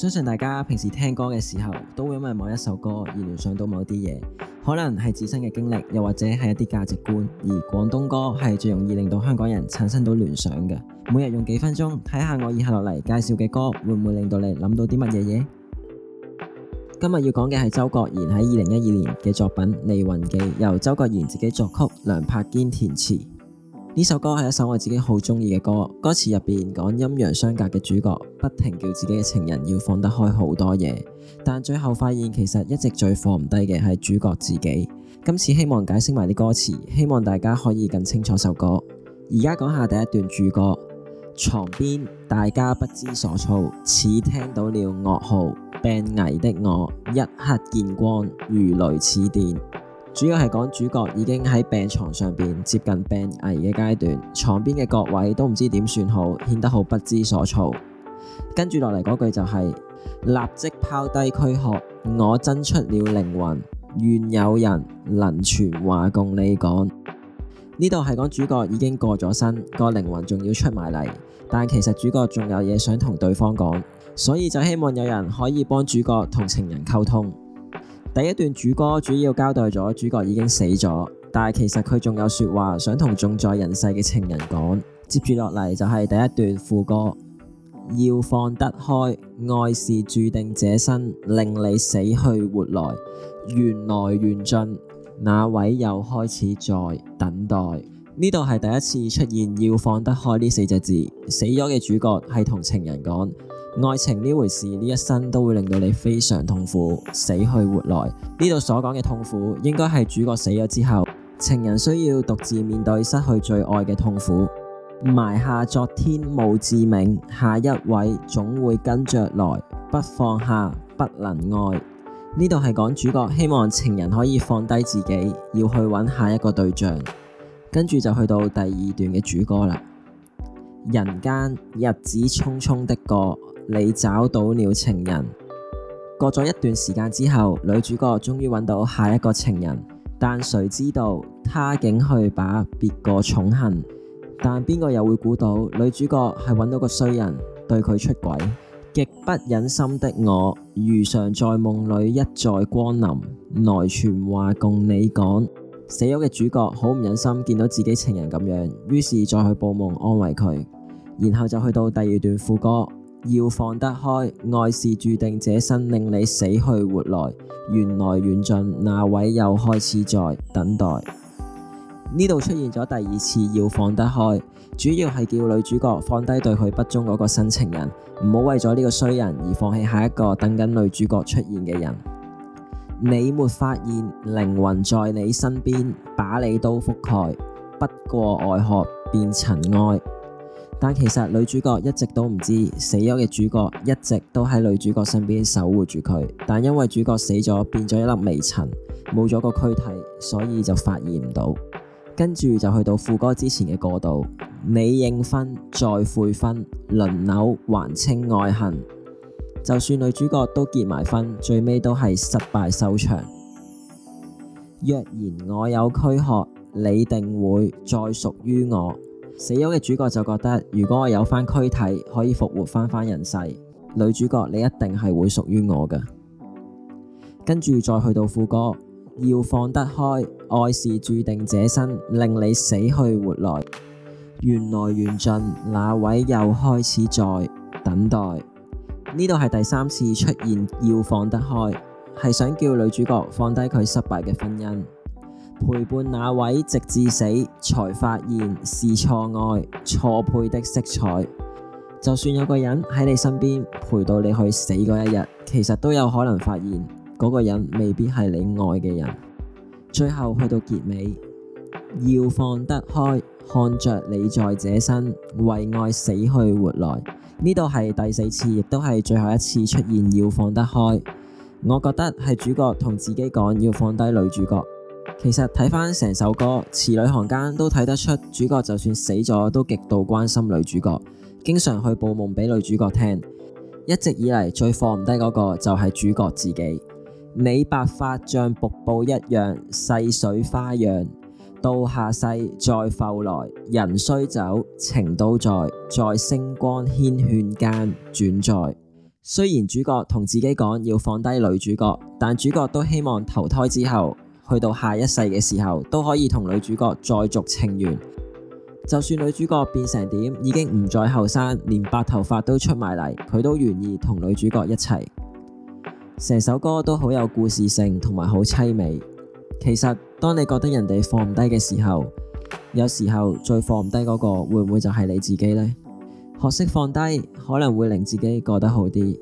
相信大家平時聽歌嘅時候，都會因為某一首歌而聯想到某啲嘢，可能係自身嘅經歷，又或者係一啲價值觀。而廣東歌係最容易令到香港人產生到聯想嘅。每日用幾分鐘睇下我以下落嚟介紹嘅歌，會唔會令到你諗到啲乜嘢嘢？今日要講嘅係周國賢喺二零一二年嘅作品《離魂記》，由周國賢自己作曲，梁柏堅填詞。呢首歌係一首我自己好中意嘅歌，歌詞入邊講陰陽相隔嘅主角不停叫自己嘅情人要放得開好多嘢，但最後發現其實一直最放唔低嘅係主角自己。今次希望解釋埋啲歌詞，希望大家可以更清楚首歌。而家講下第一段主角：床邊「床邊大家不知所措，似聽到了噩耗，病危的我，一刻見光，如雷似電。主要係講主角已經喺病床上邊接近病危嘅階段，床邊嘅各位都唔知點算好，顯得好不知所措。跟住落嚟嗰句就係立即拋低軀殼，我真出了靈魂，願有人能傳話共你講。呢度係講主角已經過咗身，個靈魂仲要出埋嚟，但其實主角仲有嘢想同對方講，所以就希望有人可以幫主角同情人溝通。第一段主歌主要交代咗主角已經死咗，但係其實佢仲有說話想同仲在人世嘅情人講。接住落嚟就係第一段副歌，要放得開，愛是注定這生，令你死去活來，緣來緣盡，那位又開始在等待。呢度係第一次出現要放得開呢四隻字，死咗嘅主角係同情人講。愛情呢回事，呢一生都會令到你非常痛苦，死去活來。呢度所講嘅痛苦，應該係主角死咗之後，情人需要獨自面對失去最愛嘅痛苦。埋下昨天無誌銘，下一位總會跟着來，不放下不能愛。呢度係講主角希望情人可以放低自己，要去揾下一個對象。跟住就去到第二段嘅主歌啦。人間日子匆匆的過。你找到了情人，過咗一段時間之後，女主角終於揾到下一個情人，但誰知道她竟去把別個寵幸，但邊個又會估到女主角係揾到個衰人，對佢出軌，極不忍心的我，如常在夢裏一再光臨，來傳話共你講。死咗嘅主角好唔忍心見到自己情人咁樣，於是再去報夢安慰佢，然後就去到第二段副歌。要放得開，愛是注定這生令你死去活來，緣來緣盡，那位又開始在等待。呢度出現咗第二次要放得開，主要係叫女主角放低對佢不忠嗰個新情人，唔好為咗呢個衰人而放棄下一個等緊女主角出現嘅人。你沒發現靈魂在你身邊，把你都覆蓋，不過愛河變塵埃。但其實女主角一直都唔知死咗嘅主角，一直都喺女主角身邊守護住佢，但因為主角死咗變咗一粒微塵，冇咗個軀體，所以就發現唔到。跟住就去到副歌之前嘅過渡，你應婚再悔婚，輪流還清愛恨，就算女主角都結埋婚，最尾都係失敗收場。若然我有軀殼，你定會再屬於我。死咗嘅主角就覺得，如果我有返軀體可以復活返返人世，女主角你一定係會屬於我嘅。跟住再去到副歌，要放得開，愛是注定這生令你死去活來，緣來緣盡，那位又開始在等待。呢度係第三次出現要放得開，係想叫女主角放低佢失敗嘅婚姻。陪伴那位直至死，才發現是錯愛錯配的色彩。就算有個人喺你身邊陪到你去死嗰一日，其實都有可能發現嗰個人未必係你愛嘅人。最後去到結尾，要放得開，看着你在這生為愛死去活來。呢度係第四次，亦都係最後一次出現要放得開。我覺得係主角同自己講要放低女主角。其實睇翻成首歌，詞裏行間都睇得出主角就算死咗都極度關心女主角，經常去報夢俾女主角聽。一直以嚟，最放唔低嗰個就係主角自己。你白髮像瀑布一樣，細水花漾，到下世再浮來，人雖走情都在，在星光繾綣間轉載。雖然主角同自己講要放低女主角，但主角都希望投胎之後。去到下一世嘅時候，都可以同女主角再續情緣。就算女主角變成點，已經唔再後生，連白頭髮都出埋嚟，佢都願意同女主角一齊。成首歌都好有故事性，同埋好淒美。其實，當你覺得人哋放唔低嘅時候，有時候最放唔低嗰個，會唔會就係你自己呢？學識放低，可能會令自己過得好啲。